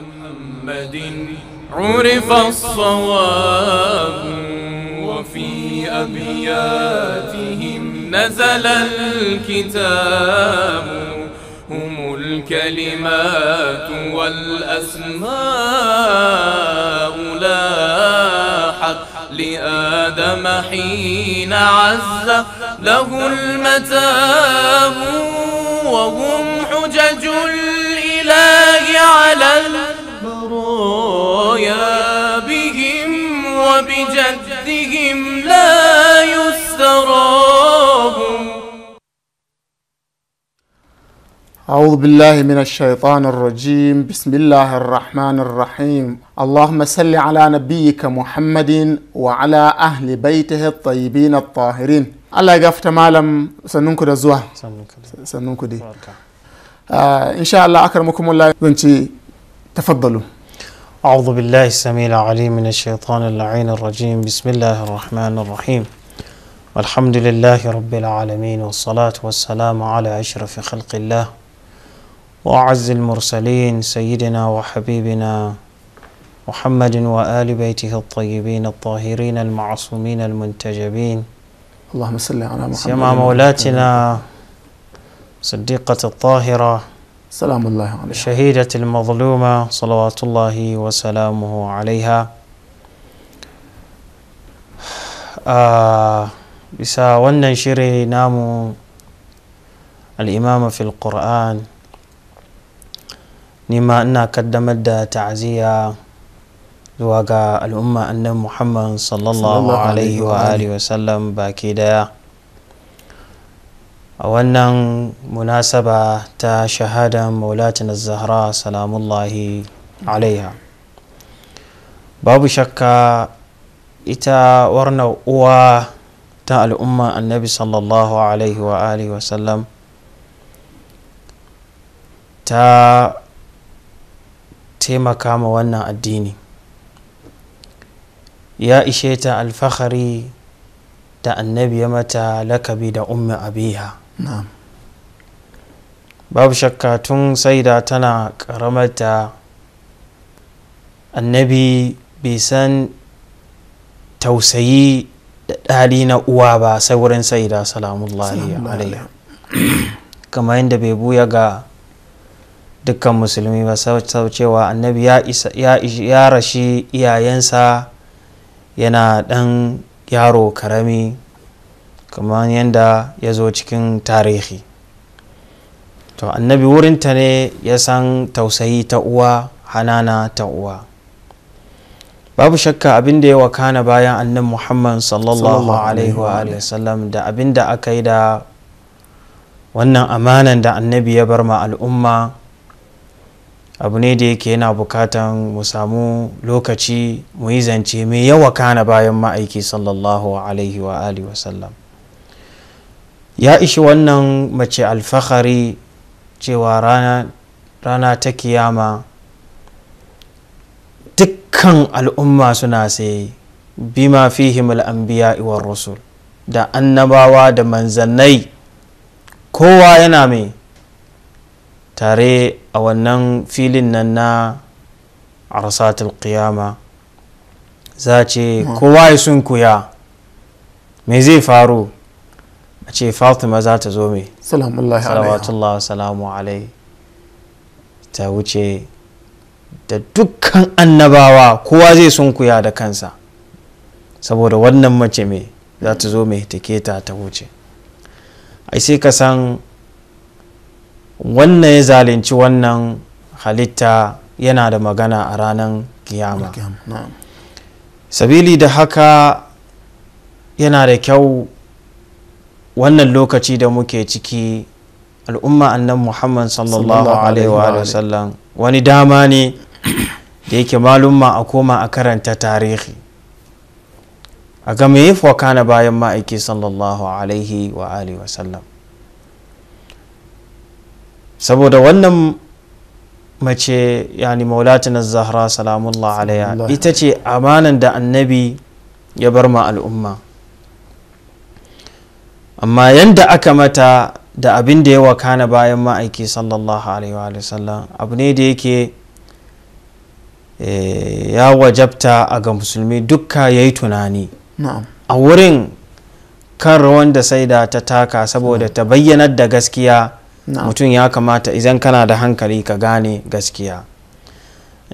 محمد عرف الصواب وفي أبياتهم نزل الكتاب هم الكلمات والأسماء لاحت لآدم حين عز له المتاب وهم حجج على البرايا بهم وبجدهم لا يستراهم أعوذ بالله من الشيطان الرجيم بسم الله الرحمن الرحيم اللهم صل على نبيك محمد وعلى أهل بيته الطيبين الطاهرين Allah ya gafta سننكو دزوه da دي. آه، إن شاء الله أكرمكم الله وانتي تفضلوا أعوذ بالله السميع العليم من الشيطان اللعين الرجيم بسم الله الرحمن الرحيم والحمد لله رب العالمين والصلاة والسلام على أشرف خلق الله وأعز المرسلين سيدنا وحبيبنا محمد وآل بيته الطيبين الطاهرين المعصومين المنتجبين اللهم صل على محمد سيما مولاتنا صديقة الطاهرة سلام الله عليها شهيدة المظلومة صلوات الله وسلامه عليها بسا آه، وننشري نام الإمام في القرآن نما أنا قدمت دا تعزية الأمة أن محمد صلى الله عليه وآله وسلم باكيدا a wannan munasaba ta shahadan maulatin zahra salamullahi alaiha babu shakka ita warna uwa ta al'umma annabi sallallahu alaihi wa alihi wasallam ta taimaka ma wannan addini ya ishe ta alfahari da annabi ya mata lakabi da ummi abiha babu shakka tun saida tana karamarta annabi bai san tausayi da ɗali na uwa ba sai wurin saida salamullahi alaiya kamar yadda bai buya ga dukkan musulmi ba sau cewa annabi ya rashi iyayensa yana ɗan yaro karami kamar yadda ya zo cikin tarihi to annabi wurinta ne ya san tausayi ta uwa hanana ta uwa babu shakka abin da ya wakana bayan annan muhammad sallallahu alaihi wa sallam da abin da aka yi da wannan amanan da annabi ya bar ma al'umma abu ne da yake yana bukatan mu samu lokaci mu yi zance mai yawa kana bayan ma'aiki sallallahu alaihi wa sallam ya ishi wannan mace alfahari cewa rana, rana ta kiyama dukkan al'umma suna sai bima fihim al'ambiya iwar rasul da annabawa da manzannai kowa yana mai tare a wannan filin nan na arsatul qiyama za ce kowa ya sun kuya me zai faru ce fatima za ta zo mai salamatullahi salamu alai ta wuce da dukkan annabawa kowa zai sunkuya da kansa saboda wannan mace mai za ta zo mai ta wuce ai sai ka san wannan ya zalunci wannan halitta yana da magana a ranar kiyama sabili da haka yana da kyau wannan lokaci da muke ciki al'umma annan muhammad sallallahu alaihi wa sallam wani dama ne da yake malumma a koma a karanta tarihi a game yi na bayan ma'aiki sallallahu alaihi wa sallam saboda wannan mace yani maulatina zahra salamullah alaiha ita ce amanan da annabi ya bar ma al'umma amma yanda aka mata da abin da ya wakana bayan ma'aiki sallallahu alaihi wa sallam abu ne da yake eh, ya wajabta a ga musulmi dukka ya yi tunani a wurin kan rawan da saida ta taka saboda ta bayyanar da gaskiya mutum ya kamata idan kana da hankali ka gane gaskiya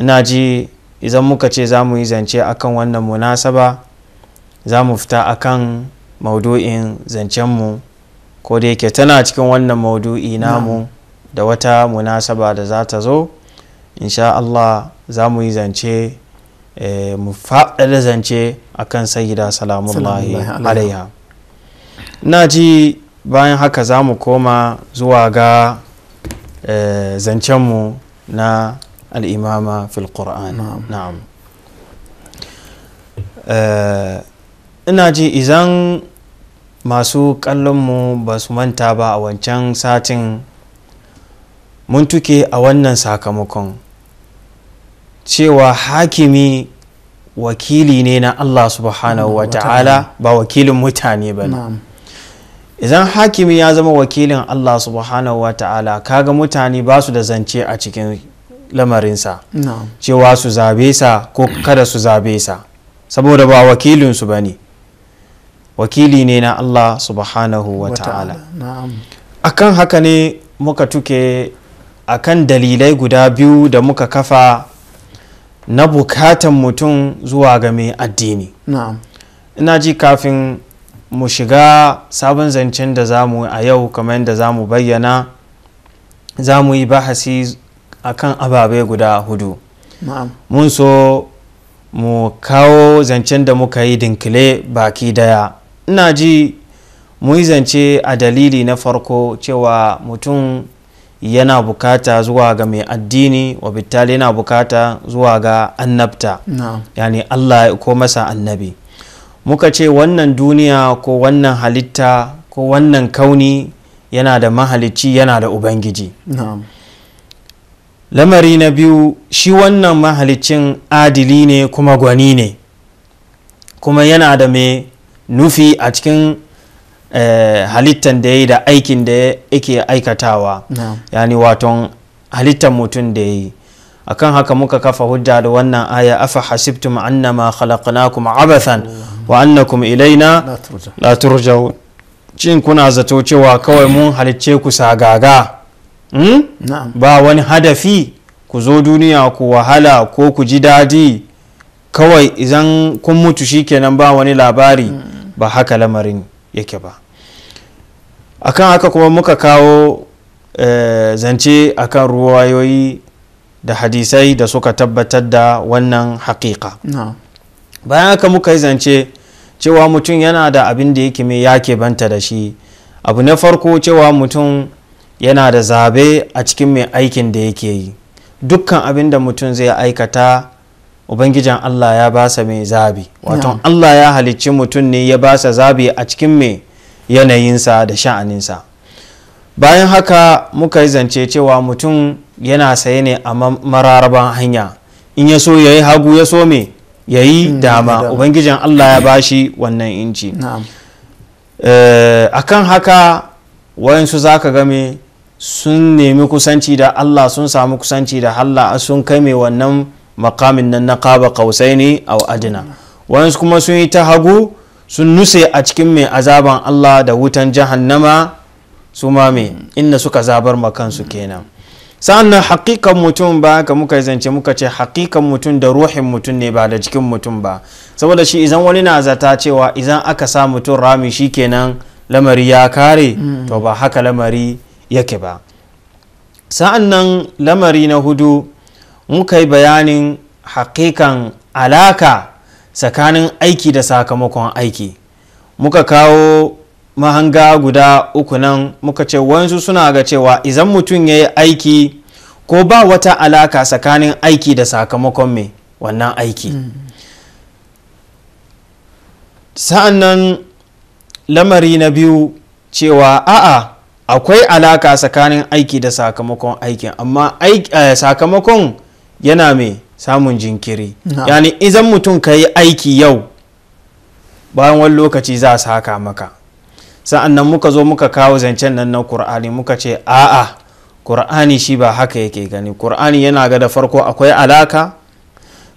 ina ji idan muka ce za mu yi zance akan wannan munasaba za mu fita akan maudu'in zancenmu ko da yake tana cikin wannan maudu'i namu da wata munasaba da za ta zo insha Allah za mu yi zance eh, mu faɗaɗa zance a kan sayida salamullahi alaiha na ji bayan haka za mu koma zuwa ga eh, zancenmu na al'imama fil na'am eh, ina ji izan masu kallonmu ba su manta ba a wancan satin mun tuke a wannan sakamakon cewa hakimi wakili ne na allah subhanahu wa ta'ala ba wakilin mutane ba ne idan hakimi ya zama wakilin allah subhanahu wa ta'ala kaga mutane ba su da zance a cikin lamarinsa cewa su zabe sa ko kada su zabe sa saboda ba wakilinsu ba ne wakili ne na Allah subhanahu wa ta'ala akan haka ne muka tuke akan dalilai guda biyu da muka kafa na bukatan mutum zuwa ga mai addini ina ji kafin mu shiga sabon zancen da za mu a yau kamar yadda za mu bayyana za mu yi bahasi kan ababe guda hudu mun so mu kawo zancen da muka yi dinkile baki daya ina ji mu a dalili na farko cewa mutum yana bukata zuwa ga mai addini wa bittali yana bukata zuwa ga annabta yani allah ko masa annabi muka ce wannan duniya ko wannan halitta ko wannan kauni yana da mahalicci yana da ubangiji lamari na biyu shi wannan mahaliccin adili ne kuma gwani ne kuma yana da mai nufi a cikin eh, halittan da ya da aikin da yake aikatawa yani waton halittan mutum da ya yi akan haka muka kafa hujja da wannan aya afa hasibtum annama khalaqnakum abathan wa annakum ilaina la turja'u cin kuna zato cewa kawai mun halicce ku sagaga gaga hmm? ba wani hadafi ku zo duniya ku wahala ko ku ji dadi kawai idan kun mutu shi kenan ba wani labari mm. ba haka lamarin yake ba akan haka kuma muka kawo zance eh, zance akan ruwayoyi da hadisai da suka tabbatar da wannan haƙiƙa bayan haka muka yi zance cewa mutum yana da abin da yake mai yake banta da shi abu na farko cewa mutum yana da zabe a cikin mai aikin da yake yi dukkan abin da mutum zai aikata Ubangijan Allah ya basa mai zabi wato Allah ya halicci mutum ne ya basa zabi a cikin mai yanayinsa da sha'aninsa bayan haka muka yi zance cewa mutum yana saye ne a mararaban hanya in ya so ya yi hagu ya so me ya yi hmm, dama Ubangijan Allah ya bashi wannan inci Akan eh, kan haka wayansu za ka game sun nemi kusanci da Allah sun samu kusanci da Allah sun kai mai wannan makamin nan na kaba kausaini a adina wani kuma sun yi ta hagu sun nuse a cikin mai azaban Allah da wutan jahannama su ma inda suka zabar makansu kenan sa'annan hakikan mutum ba ka muka zance muka ce hakikan mutum da ruhin mutum ne ba da jikin mutum ba saboda shi idan wani na zata cewa idan aka sa mutum rami shi kenan lamari ya kare to ba haka lamari yake ba sa'annan lamari na hudu muka yi bayanin hakikan alaka tsakanin aiki da sakamakon aiki muka kawo mahanga guda uku nan muka ce wansu suna ga cewa idan mutum ya yi aiki ko ba wata alaka tsakanin aiki da sakamakon mai wannan aiki mm. Sa'annan sa'an nan lamari na biyu cewa a'a akwai alaka tsakanin aiki da sakamakon aikin amma eh, sakamakon yana mai samun jinkiri yani izan mutum ka yi aiki yau bayan wani lokaci za a saka maka sa'an nan muka zo muka kawo zancen nan na kur'ani muka ce a'a kur'ani shi ba haka yake gani kur'ani yana ga da farko akwai alaka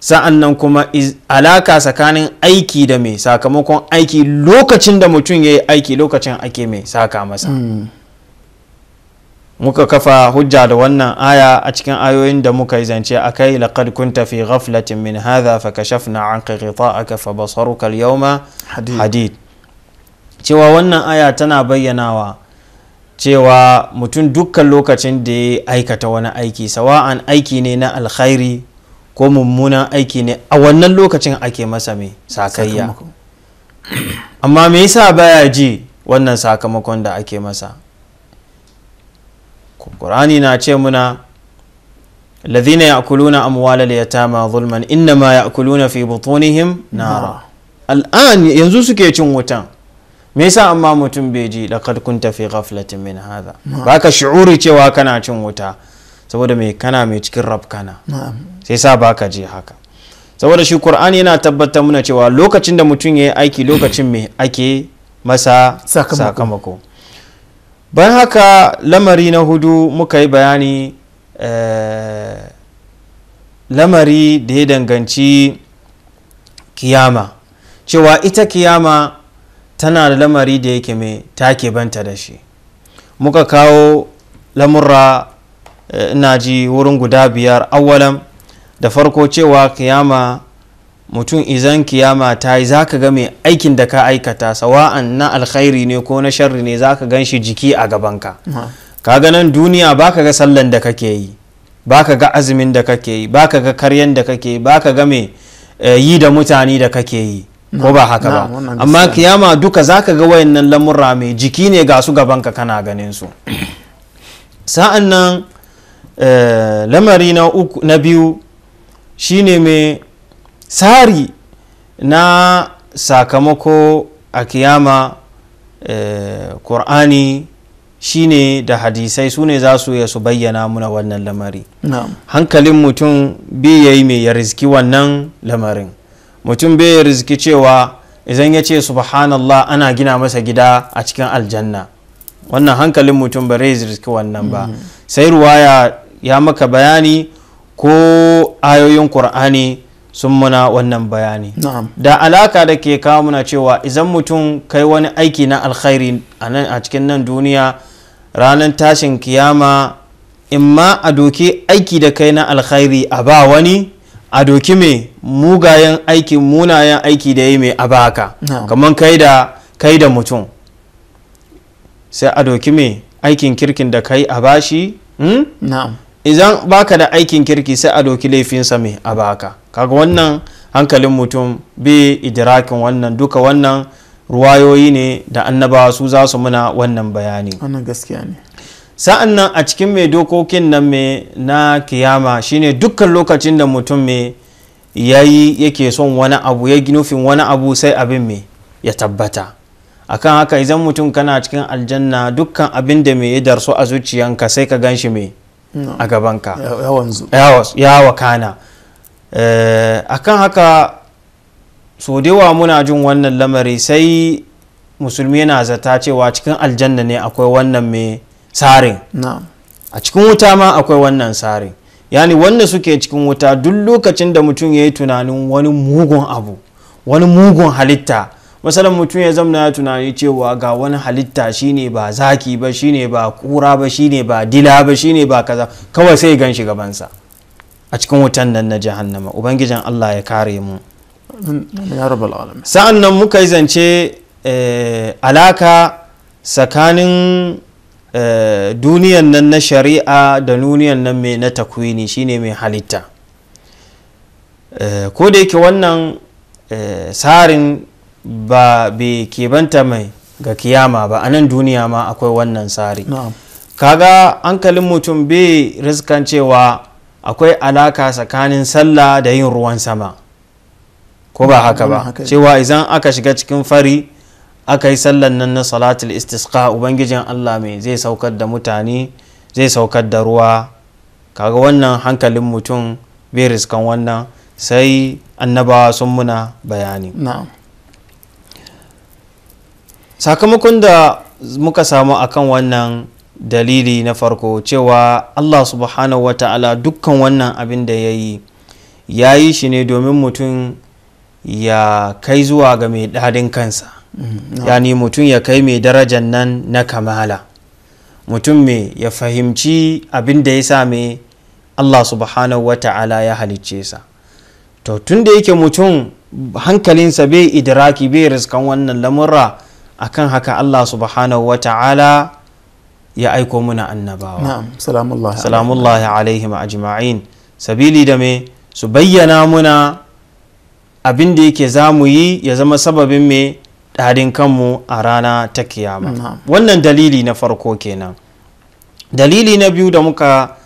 sa'an nan kuma alaka tsakanin aiki da mai sakamakon aiki lokacin da mutum ya yi aiki lokacin ake mai saka masa hmm. muka kafa hujja da wannan aya a cikin ayoyin da muka yi zance a kai laqad kunta fi ghaflatin min hadha fa kashafna anka ghita'aka fa basaruka al-yawma hadid cewa wannan aya tana bayyanawa cewa mutum dukkan lokacin da ya aikata wani aiki sawa'an aiki ne na alkhairi ko mummunan aiki ne a wannan lokacin ake masa mai sakayya amma me yasa baya ji wannan sakamakon da ake masa Ƙur'ani na ce muna ladhina ya'kuluna amwalal yatama zulman innama ya'kuluna fi butunihim nara al'an yanzu suke cin wutan me yasa amma mutum bai ji laqad kunta fi ghaflatin min hadha baka shi'uri cewa kana cin wuta saboda mai kana mai cikin rafkana sai sa baka ji haka saboda shi Qur'ani yana tabbatar muna cewa lokacin da mutum ya yi aiki lokacin me ake masa sakamako. ban haka lamari na hudu muka yi bayani eh, lamari da ya danganci kiyama cewa ita kiyama tana da lamari da yake mai take banta da shi muka kawo lamurra eh, ina ji wurin guda biyar awalan da farko cewa kiyama mutum izan kiyama ta yi za ka ga mai aikin da ka aikata sawa'an na alkhairi ne ko na sharri ne za ka gan shi jiki a gabanka ka ga nan duniya ba ka ga sallan da kake yi ba ka ga azumin da kake yi ba ka ga karyan da kake yi ba ka ga mai eh, yi da mutane da kake yi ko ba haka ba amma kiyama duka za ka ga wayannan lamurra mai jiki ne ga su gabanka kana ganin su sa'an nan eh, lamari na biyu shine mai tsari na sakamako a kiyama ƙur'ani eh, shine da hadisai sune ne za su ya bayyana muna wannan lamari hankalin mutum bai yi mai ya rizki wannan lamarin mutum bai ya rizki cewa idan ya ce subhanallah ana gina masa gida a cikin aljanna wannan hankalin mutum ba zai rizki wannan ba mm. sai ruwaya ya maka bayani ko ayoyin ƙur'ani sun muna wannan bayani da alaka da ke kawo muna cewa izan mutum kai wani aiki na alkhairi a cikin nan duniya ranar tashin kiyama in ma a doki aiki da kai na alkhairi a ba wani a doki mai mugayen aiki munayen aiki da yi mai a baka kamar kai da kai da mutum sai a doki mai aikin kirkin da kai a bashi hmm? idan baka da aikin kirki sai a doki laifinsa mai a baka kaga wannan hankalin mutum bi idirakin wannan duka wannan ruwayoyi ne da annabawa su za su muna wannan bayani wannan gaskiya ne sa'an nan a cikin mai dokokin nan mai na kiyama shine dukkan lokacin da mutum mai yayi yake son wani abu ya nufin wani abu sai abin mai ya tabbata akan haka idan mutum kana cikin aljanna dukkan abin da mai ya darso a zuciyanka sai ka gan shi mai a gabanka ya wakana eh, akan haka so dewa muna jin wannan lamari sai musulmi yana zata cewa cikin aljanna ne akwai wannan mai tsarin a cikin wuta ma akwai wannan tsarin yani wanda suke cikin wuta duk lokacin da mutum ya yi tunanin wani mugun abu wani mugun halitta masalan mutum ya zamna ya tunani cewa ga wani halitta shine ba zaki ba shine ba kura ba shine ba dila ba shine ba kaza kawai sai gan shi gabansa a cikin wutan nan na jahannama ubangijan Allah ya kare mu sa'an nan muka yi zance eh, alaka tsakanin eh, duniyan nan na shari'a da duniyan nan mai na takwini shine mai halitta eh, ko da yake wannan tsarin ba bai kebanta mai ga kiyama ba a nan duniya ma akwai wannan tsari kaga hankalin mutum bai riskan cewa akwai alaka tsakanin sallah da yin ruwan sama ko ba haka ba cewa idan aka shiga cikin fari aka yi sallan nan na salatul istisqa ubangijin allah mai zai saukar da mutane zai saukar da ruwa kaga wannan hankalin mutum bai riskan wannan sai annabawa sun muna bayani na'am sakamakon da muka samu akan wannan dalili na farko cewa allah subhanahu wata'ala dukkan wannan abin da ya yi ya yi shi ne domin mutum ya kai zuwa ga mai daɗin kansa mm, yani mutum ya kai mai darajan nan na kamala mutum mai ya fahimci abin da ya same allah subhanahu wata'ala ya halicce sa to tun da yake mutum hankalinsa bai idiraki bai riskan wannan lamurra akan haka Allah subhanahu wa ta'ala ya aiko muna annabawa salamullahi alaihim ajma'in sabili da me su bayyana muna abin da yake za mu yi ya zama sababin me ɗarin kanmu a rana ta kiyama wannan dalili na farko kenan dalili na biyu da muka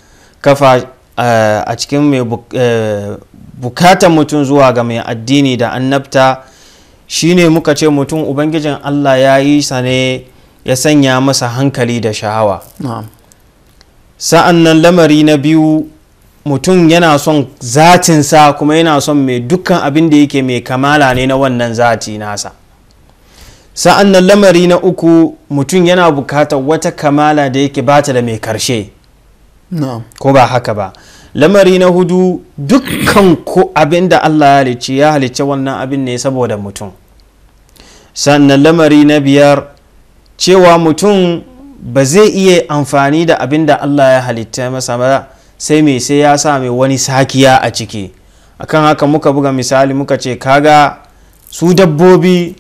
kafa eh, a cikin mai eh, bukatan mutum zuwa ga mai addini da annabta Shi ne muka ce mutum ubangijin Allah ya yi sa ya sanya masa hankali da sha'awa sa'an nan lamari na biyu mutum yana son zatinsa kuma yana son mai dukkan abin da yake mai kamala ne na wannan zati nasa sa'an nan lamari na uku mutum yana bukatar wata kamala da yake bata da mai karshe ko ba haka ba lamari na hudu dukkan ku abin da allah ya halicci ya halicci wannan abin ne saboda mutum sannan lamari na biyar cewa mutum ba zai iya amfani da abin da allah ya halitta masa ba sai mai sai ya sa mai wani sakiya a ciki akan haka muka buga misali muka ce kaga su dabbobi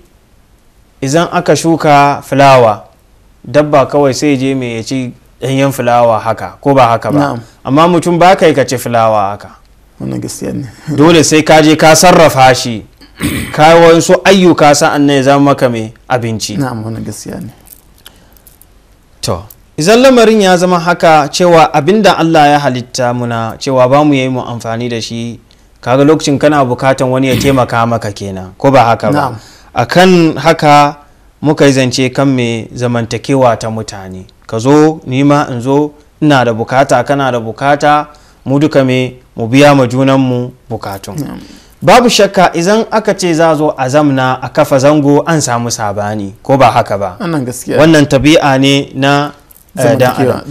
idan aka shuka fulawa dabba kawai sai je mai ya ci ɗanyen fulawa haka ko ba haka ba amma mutum ba ka ka ci fulawa haka dole sai ka je ka sarrafa shi ka wasu ayyuka sa'an nan ya zama maka mai abinci na'am to izan lamarin ya zama haka cewa abinda Allah ya halitta muna cewa ba mu yi mu amfani da shi kaga lokacin kana bukatan wani ya taimaka maka kenan ko ba haka ba akan haka muka yi zance kan mai zamantakewa ta mutane ka zo nima in zo ina da bukata kana da bukata mu duka me mu biya ma junanmu bukatun babu shakka idan aka ce za zo a zamna a kafa zango an samu sabani ko ba haka ba wannan tabi'a ne na da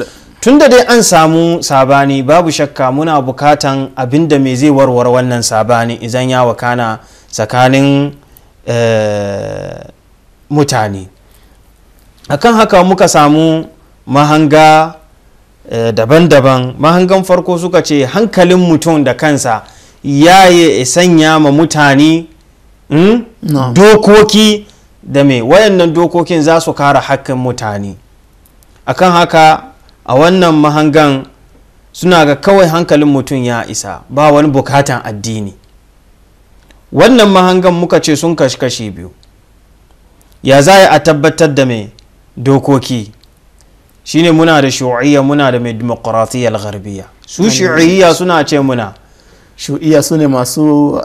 tun da dai an samu sabani babu shakka muna bukatan abinda mai me zai warware wannan sabani idan ya wakana tsakanin eh, mutane akan haka muka samu mahanga eh, daban-daban mahangan farko suka ce hankalin mutum da kansa ya yi sanya ma mutane hmm, dokoki da mai wayannan dokokin za su kara hakkin mutane akan haka a wannan mahangan suna ga kawai hankalin mutum ya isa ba wani bukatan addini wannan mahangan muka ce sun kashi-kashi biyu ya za a tabbatar da mai dokoki shine muna da shu'iyya muna da demokratiyyar garbiya su shu'iyya suna ce muna shu'iyya su ne masu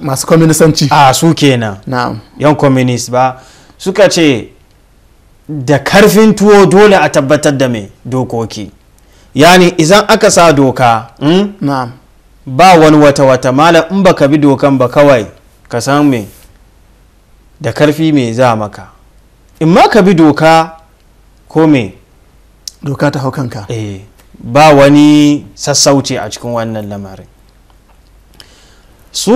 masu kwaminisanci a ah, su kenan na'am yan kwaminis ba suka ce da karfin tuwo dole a tabbatar da mai dokoki yani izan aka sa doka hmm? ba wani wata wata malam in baka bi dokan ba kawai ka san me da karfi mai za maka in ma ka bi doka ko me doka ta haukanka eh ba wani sassauci a cikin wannan lamarin su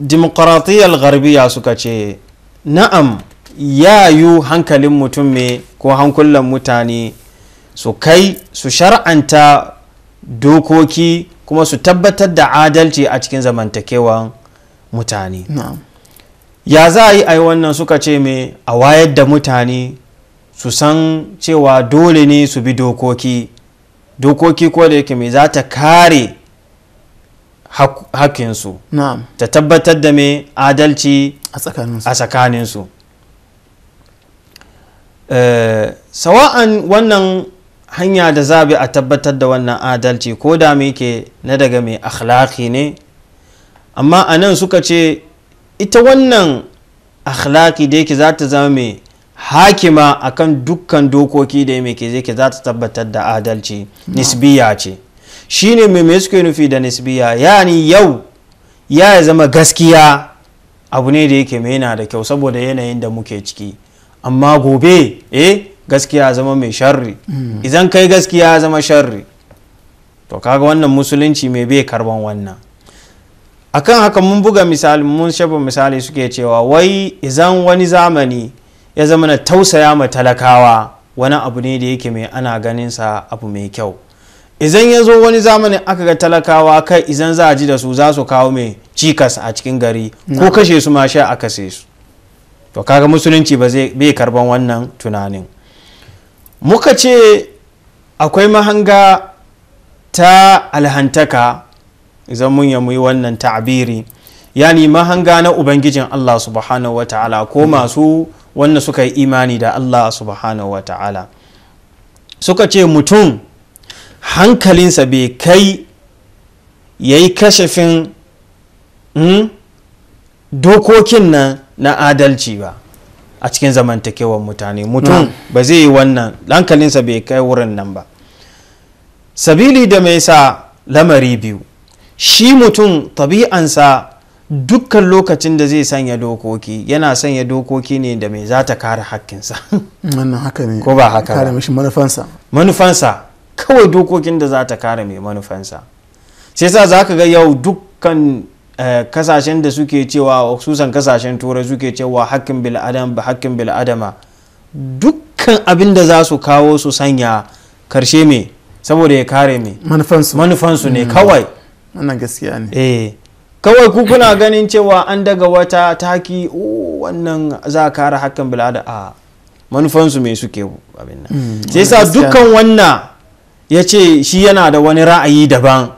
dimokuraɗiyyar garbiya suka ce na'am ya yi hankalin mutum mai ko hankulan mutane su kai su shar'anta dokoki kuma su tabbatar da adalci a cikin zamantakewan mutane ya za a yi a wannan suka ce mai a wayar da mutane su san cewa dole ne su bi dokoki dokoki ko da yake mai za ta kare hakinsu ta tabbatar da mai adalci a tsakaninsu eh, sawa'an wannan hanya da za a tabbatar da wannan adalci ko da mai ke na daga mai akhlaki ne amma a nan suka ce ita wannan akhlaki da yake za ta zama mai hakima akan dukkan dokoki da mai ke ke za ta tabbatar da adalci nisbiya ce shine mai mai suke nufi da nisbiya yani yau ya zama gaskiya abu ne da yake mai na da kyau saboda yanayin da muke ciki amma gobe eh gaskiya zama mai sharri hmm. idan kai gaskiya zama sharri to kaga wannan musulunci mai bai karban wannan akan haka mun buga misali mun shafa misali suke cewa wai idan wani zamani ya zama na tausaya ma talakawa wani abu ne da yake mai ana ganin sa abu mai kyau idan ya zo wani zamanin aka ga talakawa kai idan za a ji da su za su kawo mai cikas a cikin gari ko kashe su ma sha a kashe su to kaga musulunci ba zai bai karban wannan tunanin muka ce akwai mahanga ta alhantaka idan mun yi wannan ta'abiri yani mahanga na ubangijin Allah subhanahu wa ta'ala ko masu wanda suka yi imani da Allah subhanahu wa ta'ala suka ce mutum hankalinsa bai kai ya yi kashefin hmm, dokokin nan na adalci ba a cikin zamantakewar mutane mutum hmm. ba zai yi wannan hankalinsa bai kai wurin nan ba sabili da mai sa lamari biyu shi mutum tabi'ansa dukkan lokacin da zai sanya dokoki yana sanya dokoki ne da mai za ta kare hakkinsa wannan haka ne ko ba haka kare mishi manufansa manufansa kawai dokokin da za ta kare mai manufansa sai sa za ka ga yau dukkan eh, kasashen da suke cewa susan kasashen turai suke cewa hakkin bil'adam ba hakkin bil'adama dukkan abin da za su kawo su sanya karshe me saboda ya kare me manufansu ne mm. kawai wannan gaskiya ne eh kawai ku kuna ganin cewa an daga wata taki wannan za a kara hakan bilada a manufansu mai suke abin nan mm, sai sa dukkan wannan ya ce shi yana da wani ra'ayi daban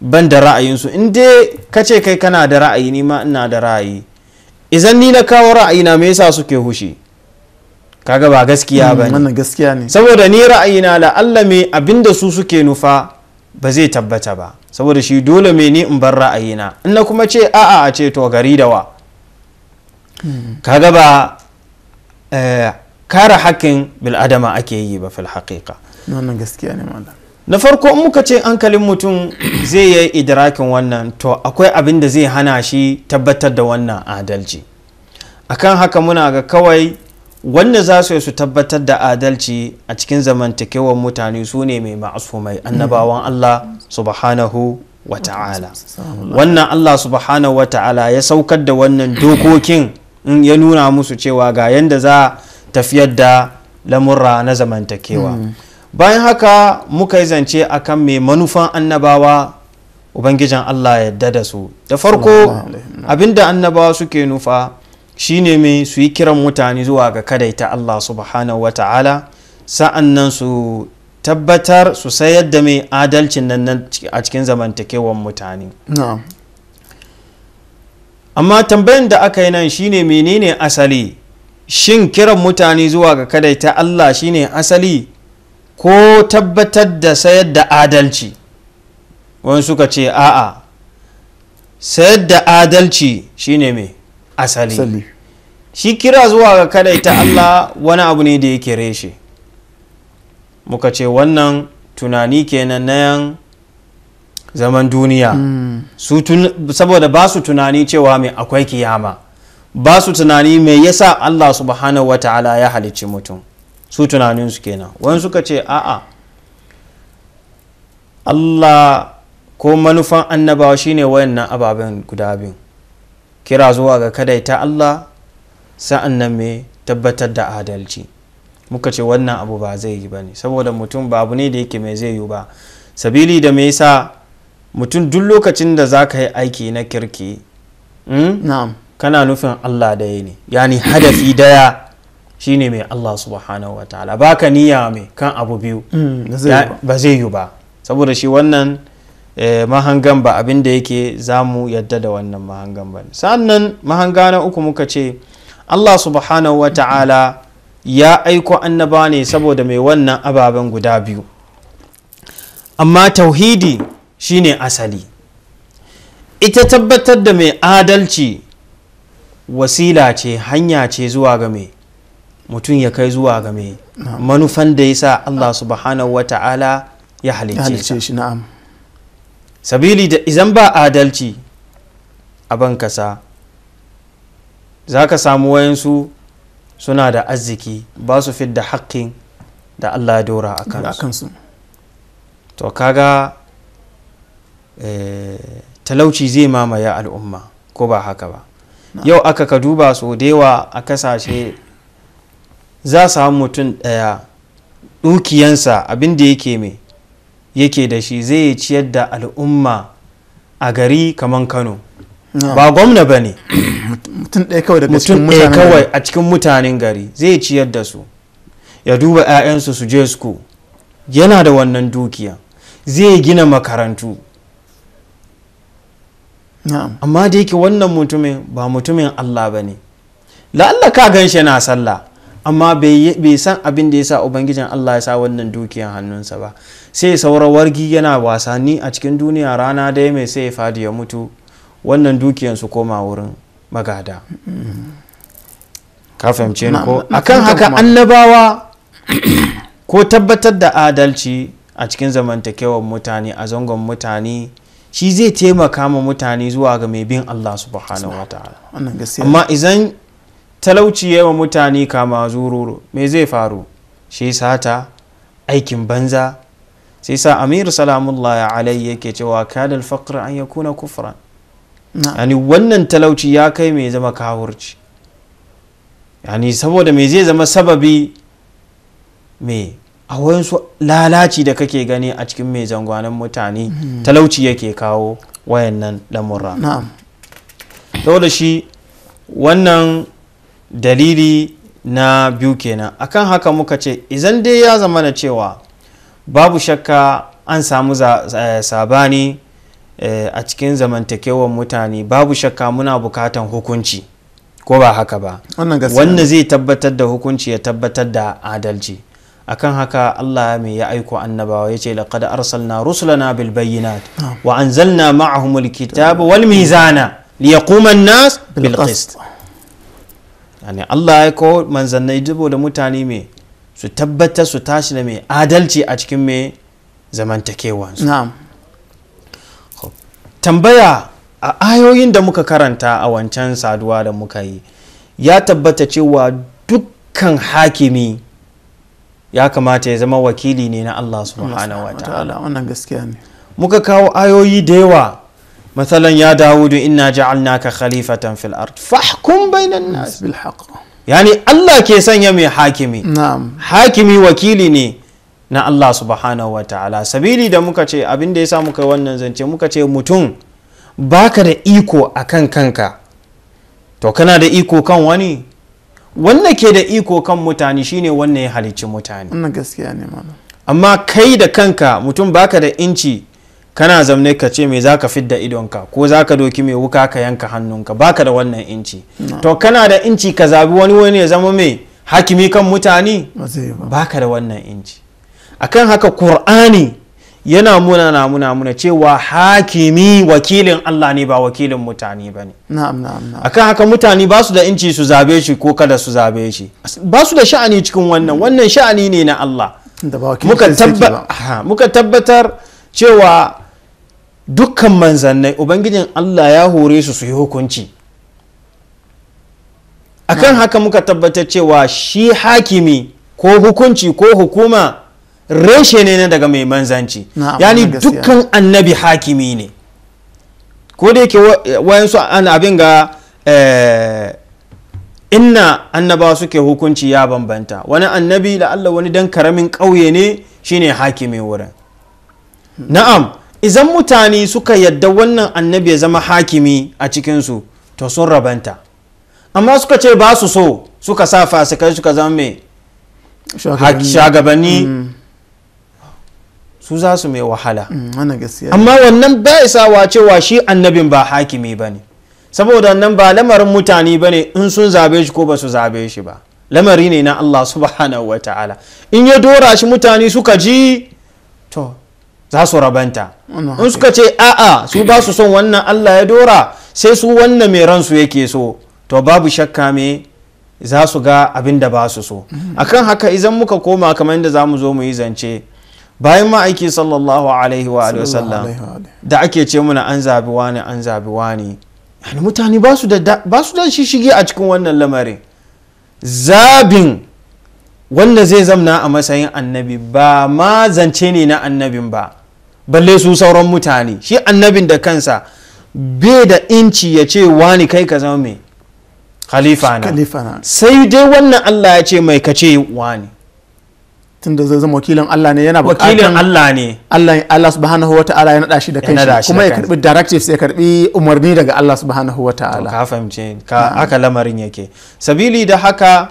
ban da ra'ayinsu in dai ka ce kai kana da ra'ayi ni ma ina da ra'ayi izan ni na kawo ra'ayi na me yasa suke hushi kaga ba gaskiya mm, ba ne saboda ni ra'ayina la Allah abin abinda su suke nufa ba zai tabbata ba saboda shi dole me ni in bar ra'ayina in na kuma ce a'a a ce to gari da wa hmm. kaga ba eh, kare hakkin bil'adama ake yi ba fil haƙiƙa na farko in muka ce hankalin mutum zai yi idrakin wannan to akwai abin da zai hana shi tabbatar da wannan adalci akan haka muna ga kawai wanda za su yi su tabbatar da adalci a cikin zamantakewar mutane su ne mai ma'asumai annabawan Allah subhanahu wa ta'ala wannan Allah subhanahu wa ta'ala ya saukar da wannan dokokin in ya nuna musu cewa ga yadda za tafiyar da lamurra na zamantakewa hmm. bayan haka muka yi zance akan mai manufan annabawa ubangijin Allah ya da su da farko abinda annabawa suke nufa Shi ne mai su yi kiran mutane zuwa ga kadaita Allah subhanahu wa ta'ala sa'an nan su tabbatar su sayar da mai adalcin nan a cikin zamantakewan mutane amma tambayan da aka yi nan shi ne menene asali shin kiran mutane zuwa ga kadaita Allah shi ne asali ko tabbatar da sayar da adalci wani suka ce a'a sayar da adalci shi ne mai asali shi kira zuwa ga kadaita Allah wani abu ne da yake reshe muka ce wannan tunani kenan na yan zaman duniya hmm. saboda ba su tunani cewa mai akwai kiyama ba su tunani mai yasa Allah subhanahu wa ta'ala ya halicci mutum su tunanin su kenan wani suka ce a'a Allah ko manufan annabawa shine wayannan ababen guda biyu kira zuwa ga ta Allah sa'an nan mai tabbatar da adalci muka ce wannan abu ba zai yi ba ne saboda mutum ba abu ne da yake mai zai yi ba sabili da me yasa mutum duk lokacin da za ka yi aiki na kirki hmm? kana nufin Allah ya ne yani hadafi daya shine mai Allah subhanahu wa ta'ala ka niyya mai kan abu biyu mm, ba zai yi ba saboda shi wannan Eh, mahangan ba abin da yake za mu yadda da wannan mahangan ba sannan mahanga na uku muka ce allah subhanahu wa ta'ala ya aiko annaba ne saboda mai wannan ababen guda biyu amma tauhidi shine asali ita tabbatar da mai adalci wasila ce hanya ce zuwa ga mai mutum ya kai zuwa ga mai manufan da ya sa allah subhanahu wa ta'ala ya halicce shi na'am sabili da izan ba adalci a ban kasa za ka samu wayansu suna da arziki ba su da haƙƙin da allah ya dora a kansu to kaga eh, talauci zai mamaye al'umma ko ba haka ba yau aka ka duba so dewa a kasashe za samu mutum ɗaya dukiyansa abinda da yake mai yake da shi zai ciyar da al'umma a gari kamar kano ba gwamna ba ne mutum ɗaya kawai a cikin mutanen gari zai ciyar da su ya duba 'ya'yansu su je su yana da wannan dukiya zai gina makarantu amma da yake wannan mutumin ba mutumin allah ba ne la'alla ka gan shi yana sallah amma bai san abin da ya sa ubangijin Allah ya sa wannan dukiyar hannunsa ba sai wargi yana wasanni a cikin duniya rana ya mai sai ya fadi ya mutu wannan dukiyan su koma wurin magada ka fahimce ni ko akan haka annabawa ko tabbatar da adalci a cikin zamantakewar mutane a zangon mutane shi zai taimaka ma mutane zuwa ga mai bin Allah subhanahu wa ta'ala amma izan. talauci wa mutane kama zururu me zai faru shi sata aikin banza sai sa amir laya, alai yake cewa kadal faqr an yakuna kufra? yani wannan talauci ya kai mai zama kawurci yani saboda me zai zama sababi me a wayansu lalaci da kake gani a cikin mai zangwanan mutane hmm. talauci yake kawo wayannan lamurra na'am saboda shi wannan dalili na biyu kenan akan haka muka ce izan dai ya zama na cewa babu shakka an samu sabani eh, a cikin zamantakewar mutane babu shakka muna bukatan hukunci ko ba haka ba wannan zai tabbatar da hukunci ya tabbatar da adalci akan haka Allah mai ya aiko annabawa ya ce laqad arsalna rusulana bil bayyinat wa anzalna ma'ahumul kitaba wal mizana liyakuman nas bil qist yani Allah ya kawo manzannai dubo da mutane mai su tabbatar su tashi da mai adalci a cikin mai zamantakewansu tambaya a ayoyin da muka karanta a wancan saduwa da muka yi ya tabbata cewa dukkan hakimi ya kamata ya zama wakili ne na Allah subhanahu wa ta'ala muka kawo ayoyi da yawa مثلا يا داود إنا جعلناك خليفة في الأرض فاحكم بين الناس بالحق يعني Allah ke sanya mai hakimi. Hakimi wakili ne na Allah subhanahu wa ta'ala sabili da muka ce abin da ya sa muka wannan zance muka ce mutum baka da iko a kan kanka to kana da iko kan wani Wannan ke da iko kan mutane shine wannan ya halicci mutane amma kai da kanka mutum baka da inci kana zamne ka ce me zaka fidda idonka ko zaka doki mai wuka ka yanka hannunka baka da wannan inci to kana da inci ka zabi wani wani ya zama mai hakimi kan mutane baka da wannan inci akan haka qur'ani yana muna na muna muna cewa hakimi wakilin Allah ne ba wakilin mutane ba ne. Akan haka mutane ba su da inci su zabe shi ko kada su zabe shi. Ba su da sha'ani cikin wannan, wannan sha'ani ne na Allah. Muka tabbatar cewa dukkan manzannai ubangijin allah ya hore su su yi hukunci akan haka muka tabbatar cewa shi hakimi ko hukunci ko hukuma reshe ne daga mai manzanci yani dukkan annabi hakimi ne ko da yake wayansu an abin ga eh, inna annabawa suke hukunci ya bambanta wani annabi da allah wani dan karamin ƙauye ne shine hakimi wurin na'am Izan mutane suka yadda wannan annabi ya zama hakimi a cikinsu to sun rabanta amma suka ce ba su so suka sa fasikai suka zama mai shagabanni mm. su za su mai wahala mm, amma wannan ba isawa cewa shi annabin ba hakimi ba ne saboda nan ba lamarin mutane ba ne in sun zabe shi ko ba su zabe shi ba lamari ne na Allah subhanahu wa ta'ala in ya dora shi mutane suka ji to za su rabanta in suka ce a'a su ba su son wannan Allah ya dora sai su wannan mai ransu yake so to babu shakka me za su ga abin da ba su so mhm. akan haka idan muka koma kamar yadda za mu zo mu yi zance bayan ma'aiki sallallahu alaihi wa sallam da ake ce muna an zabi wani an zabi wani yani mutane ba su da shishige a cikin wannan lamarin zabin wanda zai zamna a matsayin annabi ba ma zance ne na annabin ba balle su sauran mutane shi annabin da kansa bai da inci ya ce wani kai ka zama mai khalifa na sai dai wannan Allah ya ce mai ka ce wani da zai zama wakilin Allah ne yana bukatan wakilin Allah ne Allah Allah subhanahu wa ta'ala ya nada shi da kansa kuma ya karbi directives ya karbi umarni daga Allah subhanahu wa ta'ala ka fahimce ka aka lamarin yake sabili da haka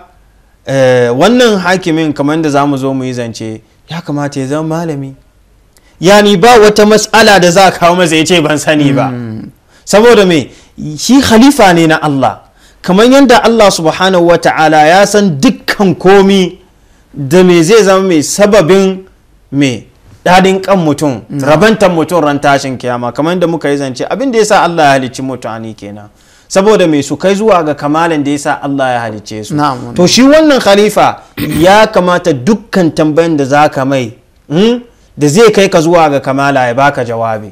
eh, wannan hakimin kamar da zamu zo mu yi zance ya kamata ya zama malami yani ba wata matsala da za a kawo masa ya ce ban sani ba hmm. saboda me shi khalifa ne na Allah kamar yadda Allah subhanahu wa ta'ala ya san dukkan komi da me zai zama mai sababin me dadin kan mutum hmm. rabantan mutum ran tashin kiyama kamar yadda muka yi zance abin da sa Allah ya halicci mutane kenan saboda mai su kai zuwa ga kamalan da yasa Allah ya halicce su to shi wannan khalifa ya kamata dukkan tambayan da za ka mai hmm? da zai kai ka zuwa ga kamala ya baka jawabi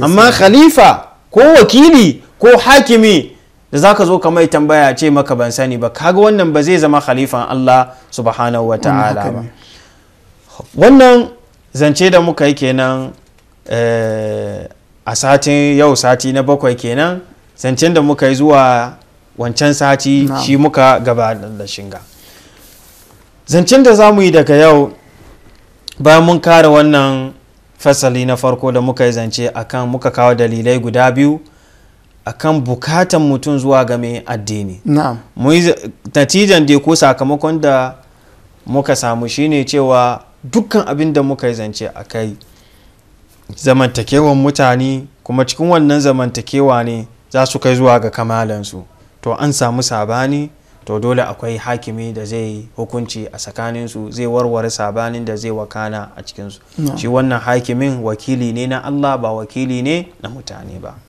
amma khalifa ko wakili ko hakimi da zaka zo ka mai tambaya ce maka ban sani ba kaga wannan ba zai zama khalifan Allah subhanahu wa ta'ala ba wannan zance da muka yi kenan eh, a satin yau sati na bakwai kenan zancen da muka yi zuwa wancan sati shi muka gaba da shinga zancen da za mu yi daga yau bayan mun kare wannan fasali na farko da muka yi zance akan muka kawo dalilai guda biyu akan bukatan mutum zuwa ga mai addini natijan da ko sakamakon da muka samu shine cewa dukkan abin da muka yi zance a kai zamantakewan mutane kuma cikin wannan zamantakewa ne za su kai zuwa ga kamalansu to an samu sabani to dole akwai hakimi da zai hukunci a tsakaninsu zai warware sabanin da zai wakana a cikin su shi wannan hakimin wakili ne na allah ba wakili ne na mutane ba